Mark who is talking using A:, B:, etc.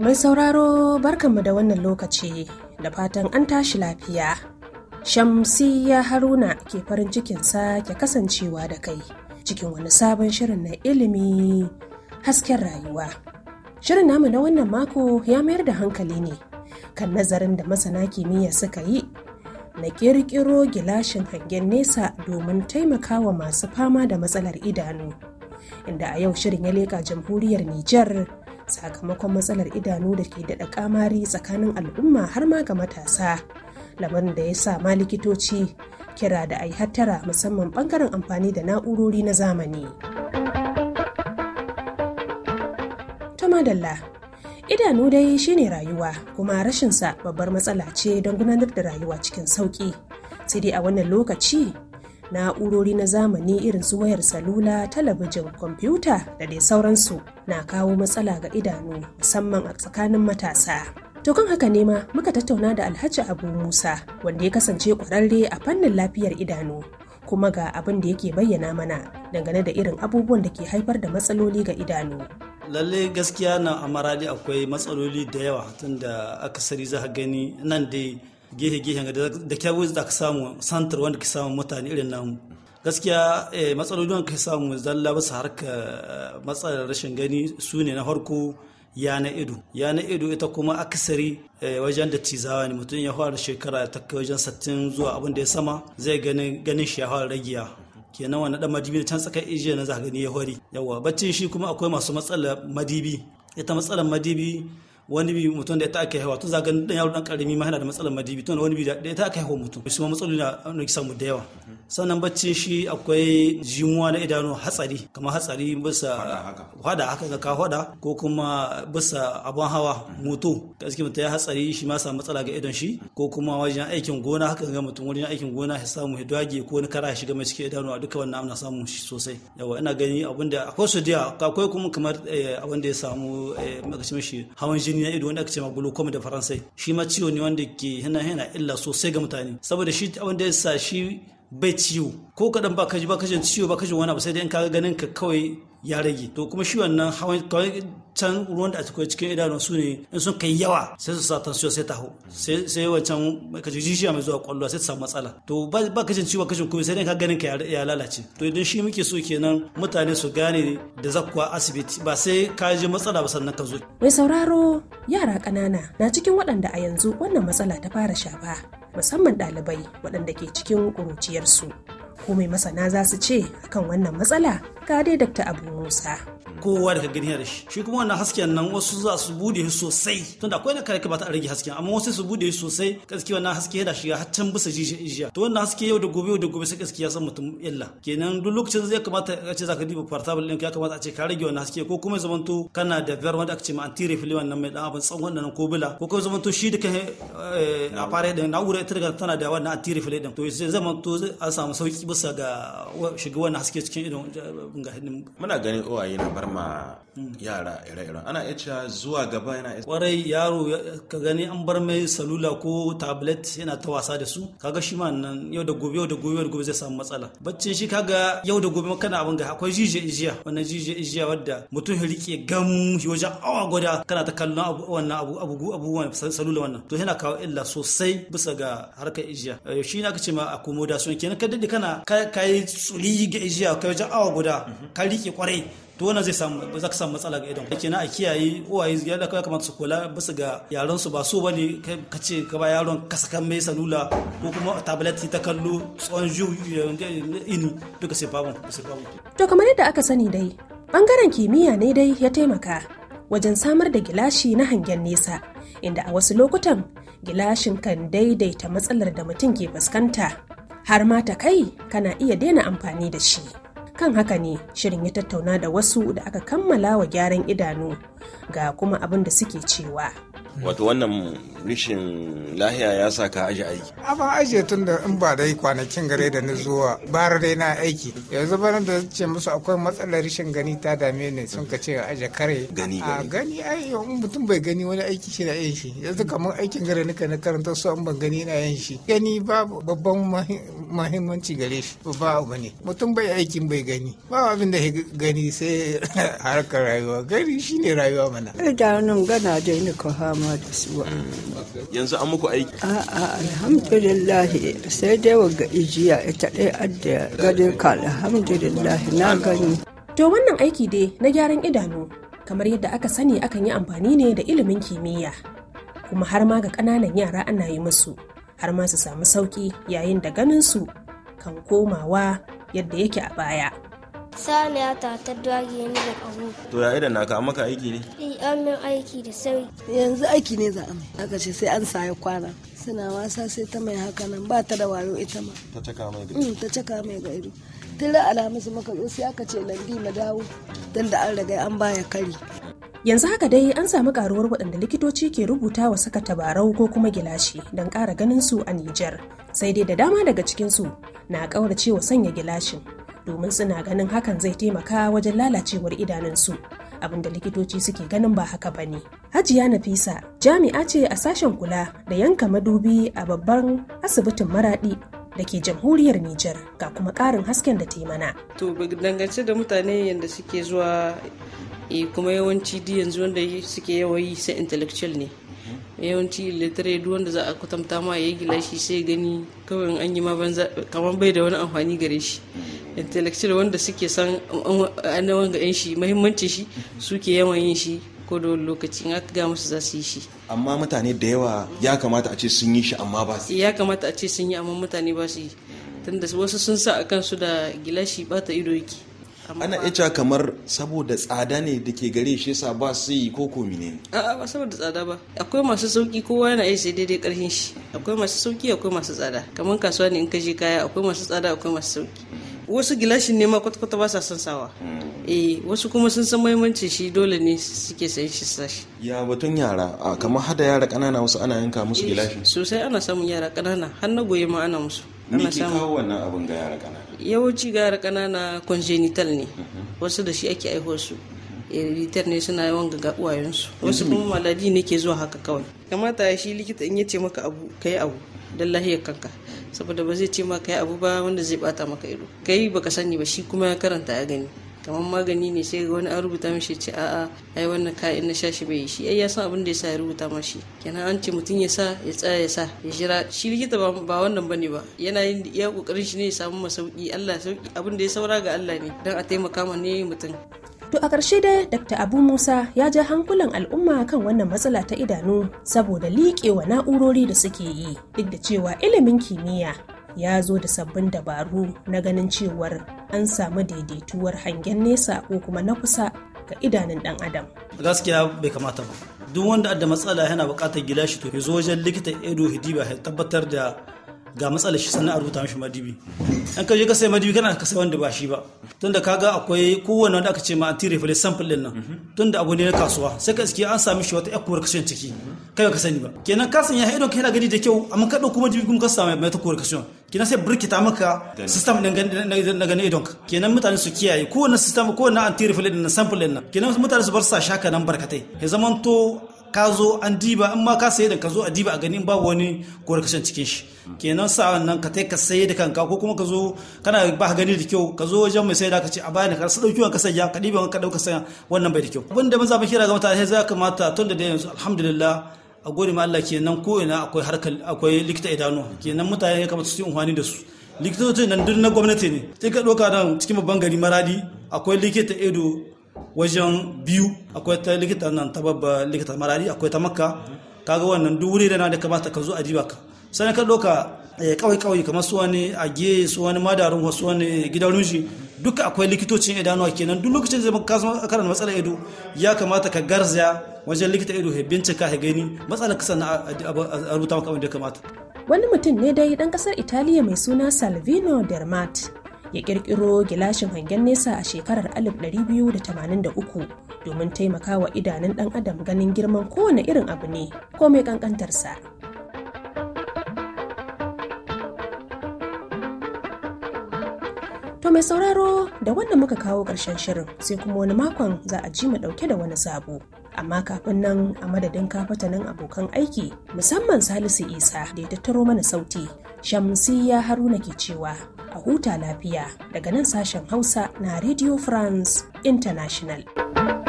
A: Mai sauraro barkanmu da wannan lokaci da fatan an tashi lafiya. ya Haruna ke farin cikin sake kasancewa da kai cikin wani sabon shirin na ilimi hasken rayuwa. Shirin namu na wannan mako ya mayar da hankali ne kan nazarin da masana kimiyya suka yi na ƙirƙiro gilashin hangen nesa domin taimakawa masu fama da matsalar idanu. Inda a yau shirin ya leƙa jamhuriyar Nijar sakamakon matsalar idanu da ke daɗa kamari tsakanin al'umma har ma ga matasa lamarin da ya sa ma likitoci kira da ai hattara musamman ɓangaren amfani da na'urori na zamani. Tumadalla idanu dai shine rayuwa kuma rashinsa babbar matsala ce don gudanar da rayuwa cikin sauƙi sai dai a wannan lokaci na'urori na zamani irin su wayar salula talabijin kwamfuta da dai sauransu na kawo matsala ga idanu musamman a tsakanin matasa To kan haka ne ma muka tattauna da Alhaji Abu Musa wanda ya kasance kwararre a fannin lafiyar idanu kuma ga abin da yake bayyana mana dangane da irin abubuwan da ke haifar da matsaloli ga idanu.
B: Lalle gaskiya nan a akwai matsaloli da yawa tun da akasari za gani nan dai gehe-gehen da kyawun da ka samu santar wanda ka samu mutane irin namu gaskiya matsaloli eh, matsalolin ka samu zalla su harka eh, matsalar rashin gani su ne na farko ya na ido ya na ido ita kuma akasari eh, wajen da cizawa ne mutum ya fara shekara ta kai wajen sattin zuwa abin da ya sama zai ganin ganin shi ya fara ragiya kenan wani dan madibi da can tsakar ijiya na za gani ya hori yawa baccin shi kuma akwai masu matsalar madibi ita matsalar madibi wani bi mutum da ita aka haihuwa tun zagan dan yaro dan karami ma yana da matsalar madibi tun wani bi da ita aka haihuwa mutum shi ma matsaloli na kisa mu da yawa sannan baccin shi akwai jimuwa na idanu hatsari kamar hatsari bisa hada haka ga ka hada ko kuma bisa abun hawa moto ka gaskiya mutum ya hatsari shi ma sa matsala ga idan shi ko kuma wajen aikin gona haka ga mutum wajen aikin gona ya samu ya dage ko wani kara ya shiga mai cikin idanu a duka wannan amna samu shi sosai yawa ina gani abinda akwai su da akwai kuma kamar eh, abinda ya samu eh, magashin shi hawan jini ya ido wanda ake cewa da faransai shi ma ciwo ne wanda ke hina yana illa sosai ga mutane saboda shi abin ya sa shi bai ciwo ko kaɗan ba ka ji ba kajin ciwo ba kajin wani abu sai dai in ka ganin ka kawai ya rage to kuma shi wannan hawan can ruwan da a cikin idanu su ne in sun kai yawa sai su sa tansiyo sai ta hau sai wancan ka ji jijiya mai zuwa kwallo sai su samu matsala to ba kashin ciwon kashin kuma sai dai ka ganin ka ya lalace to idan shi muke so kenan mutane su gane da zakwa asibiti ba sai ka ji matsala ba sannan ka zo
A: mai sauraro yara ƙanana na cikin waɗanda a yanzu wannan matsala ta fara shafa musamman ɗalibai waɗanda ke cikin ƙuruciyarsu ko mai masana za su ce akan wannan matsala ga dai Dr. Abu Musa.
B: kowa da ka gani da shi shi kuma wannan hasken nan wasu za su bude shi sosai tunda akwai na kare ba ta rage hasken amma wasu su bude shi sosai gaskiya wannan haske da shiga har can bisa jijiya to wannan haske yau da gobe yau da gobe sai gaskiya san mutum illa kenan duk lokacin zai kamata a ce zaka diba portable din ya kamata a ce ka rage wannan haske ko kuma zamanto kana da biyar wanda aka ce ma anti refill wannan mai dan abin tsawon wannan ko bila ko kuma zamanto shi duka eh, a fare din na'ura ita daga tana da wannan anti refill din to sai zamanto a samu sauki bisa ga shiga wani haske cikin irin ga hidin muna ganin owaye na bar ma hmm. yara ire-iren ana iya cewa zuwa gaba yana iya kwarai yaro ka gani an bar mai salula ko tablet yana ta wasa da su kaga shi ma nan yau da gobe yau da gobe yau da gobe zai samu matsala baccin shi kaga yau da gobe kana abin ga akwai jije ijiya wannan jije ijiya wadda mutum ya rike gam shi wajen awa gwada kana ta kallon wannan abu wannan salula wannan to yana kawo illa sosai bisa ga harkar ijiya eh, shi na kace ma akomodation kenan ka dade kana ka yi tsuri ga ijiya kai wajen awa guda mhm. ka rike kwarai to wannan zai samu za ka samu matsala ga idon kenan a kiyaye uwaye yadda kawai kamata su kula basu ga yaran su ba su bane ka ce ka ba yaron ka saka mai salula ko kuma tablet ta kallo tsawon ju ini duka sai babu sai babu
A: to kamar yadda aka sani dai bangaren kimiyya ne dai ya taimaka wajen samar da gilashi na hangen nesa inda a wasu lokutan gilashin kan daidaita matsalar da mutum ke fuskanta har ma ta kai kana iya daina amfani da shi kan haka ne shirin ya tattauna da wasu da aka kammala wa gyaran idanu ga kuma abin da suke cewa
B: wato wannan rishin lahiya ya sa ka aji aiki amma aji tun da in ba dai kwanakin gare da na zuwa bar dai na aiki yanzu bana da ce musu akwai matsalar rishin gani ta dame ne sun ka ce aji kare gani gani ai in mutum bai gani wani aiki shi na yin shi yanzu kamar aikin gare nika na karanta su an ban gani na yin shi gani babu babban mahimmanci gare shi ba ba ne mutum bai aikin bai gani ba abin da gani sai harkar rayuwa gari shine rayuwa mana
C: da wani gana da ni ko hama da suwa
B: yanzu an muku aiki
C: a'a alhamdulillah sai dai waga ijiya ita dai adda gadin ka alhamdulillah na gani to wannan aiki
A: dai na gyaran idanu kamar yadda aka sani akan yi amfani ne da ilimin kimiyya kuma har ma ga ƙananan yara ana yi musu har ma su samu sauƙi yayin da ganin su kan komawa yadda yake a baya.
C: Sani ya tatar dwagi ne da ƙaho.
B: To ya idan na an maka aiki ne?
C: Eh an min aiki da sauri. Yanzu aiki ne za a mai. Aka ce sai an sayi kwana. Suna wasa sai ta mai haka nan ba ta da wayo ita ma. Ta caka mai gairu. Mm, ta caka mai gairu. Tun da alhamisu muka zo sai aka ce lambi ma dawo. Dan da an riga an baya kari.
A: yanzu haka dai an samu karuwar waɗanda likitoci ke rubuta wa saka tabarau ko kuma gilashi don ƙara ganin su a Nijar sai dai da dama daga cikinsu na ƙauracewa sanya gilashin domin suna ganin hakan zai taimaka wajen lalacewar idanunsu abinda likitoci suke ganin ba haka ba ne. Hajiya Nafisa jami'a ce a sashen kula da yanka madubi a babban asibitin Maraɗi da ke jamhuriyar Nijar ga kuma ƙarin hasken da ta
C: yi mana. To dangance da mutane yadda suke zuwa kuma yawanci di yanzu wanda suke yawayi sai intellectual ne. yawanci littare duk wanda za a kutamta ma ya gila gilashi sai gani kawai an yi ma kamar bai da wani amfani gare shi intellectual wanda suke san an wanga yan shi mahimmancin shi suke yawan yin shi ko da wani lokaci in ga musu za su yi shi amma mutane da
A: yawa ya kamata a ce sun yi shi amma ba su
C: ya kamata a ce sun yi amma mutane ba su yi tunda wasu sun sa a kansu da gilashi ta ido yake ana iya
A: kamar saboda tsada ne da ke gare shi yasa ba su yi ko komi ne
C: a'a ba saboda tsada ba akwai masu sauki kowa yana iya sai daidai karfin shi akwai masu sauki akwai masu tsada kamar kasuwa ne in ka je kaya akwai masu tsada akwai masu sauki wasu gilashin ne ma kwata-kwata ba sa son sawa hmm. eh wasu kuma sun san muhimmanci shi dole ne suke sayi shi sashi
B: ya batun yara a kamar hada yara
A: kanana wasu ana yanka musu eh, gilashin
C: sosai ana samun yara kanana har na goyi ma ana musu me ke kawo
B: wannan abin ga yara kanana
C: yawanci ga yara kanana congenital ne mhm. wasu da shi ake aiho su mhm. eritar eh, ne suna yawan ga uwayensu wasu kuma maladi ne ke zuwa haka kawai kamata shi likita in ya ce maka abu kai abu don lahiyar kanka saboda ba zai ce ma kai abu ba wanda zai bata maka ido kai baka sani ba shi kuma ya karanta a gani kamar magani ne sai ga wani an rubuta mishi ce a'a ai wannan kayan na shashi bai shi ai ya san abin da sa ya rubuta mashi kenan an ce mutum ya sa ya tsaya ya sa ya jira shi likita ba wannan bane ba yana yin ya kokarin shi ne ya samu masauki Allah sauki abin da ya saura ga Allah ne dan a taimaka ma ne mutum To
A: a ƙarshe dai Dr. Abu Musa ya ja hankulan al'umma kan wannan matsala ta idanu saboda liƙewa na'urori da suke yi duk da cewa ilimin kimiyya ya zo da sabbin dabaru na ganin cewar an samu daidaituwar hangen nesa ko kuma na kusa ga idanun ɗan adam.
B: Gaskiya bai kamata ba. Duk wanda da matsala yana bukatar gilashi to ya zo wajen likita edo hidiba ya tabbatar da ga matsalar shi sannan a rubuta mashi madibi an kaje ka sai madibi kana ka sai wanda ba shi ba tunda kaga akwai kowanne wanda aka ce ma anti reflex sample din nan tunda abu ne na kasuwa sai ka iske an sami shi wata ekuwar kashin ciki kai ka sani ba kenan ka sanya haido kai na gani da kyau amma ka dauko madibi kuma ka samu mai ta kuwar kashin kenan sai birkita maka system din na gani idon ka kenan mutane su kiyaye kowanne system kowanne anti reflex din sample din nan kenan mutane su bar sa shaka nan barkatai ya zamanto ka zo an diba in ma ka saye da ka zo a diba a ganin babu wani kashin cikin shi kenan sa nan ka tai ka saye da kanka ko kuma ka zo kana ba ka gani da kyau ka zo wajen mai saida ka ce a bayan ka su dauki wanka sanya ka diba wanka dauka sanya wannan bai da kyau abinda maza ba kira ga mutane za ka mata tun da yanzu alhamdulillah a gode ma Allah kenan ko ina akwai harkar akwai likita idanu kenan mutane ya kamata su yi umfani da su likitocin nan duk na gwamnati ne sai ka doka nan cikin babban gari maradi akwai likita edo wajen biyu akwai ta likita nan ta babba likita marari akwai ta makka kaga wannan duk wuri da na da kamata ka zo a diba ka sannan ka ɗauka kawai eh, kawai kamar su wani agiye su wani madarun wasu wani gidan rushi duk akwai likitocin idanuwa kenan duk lokacin da ka zama karan matsalar ido ya kamata ka garzaya wajen likita ido ya bincika he gani matsalar ka sannan a rubuta maka abin da kamata
A: wani mutum ne dai dan kasar italiya mai suna salvino dermat ya kirkiro gilashin hangen nesa a shekarar 1283 domin taimaka wa idanun ɗan adam ganin girman kowane irin abu ne ko mai ƙanƙantarsa. To mai sauraro da wannan muka kawo ƙarshen shirin sai kuma wani makon za a ji mu ɗauke da wani sabo. Amma kafin nan a madadin kafatanin abokan aiki musamman Salisu Isa da ya tattaro mana sauti shamsi ya Haruna ke cewa a huta lafiya daga nan sashen Hausa na Radio France International.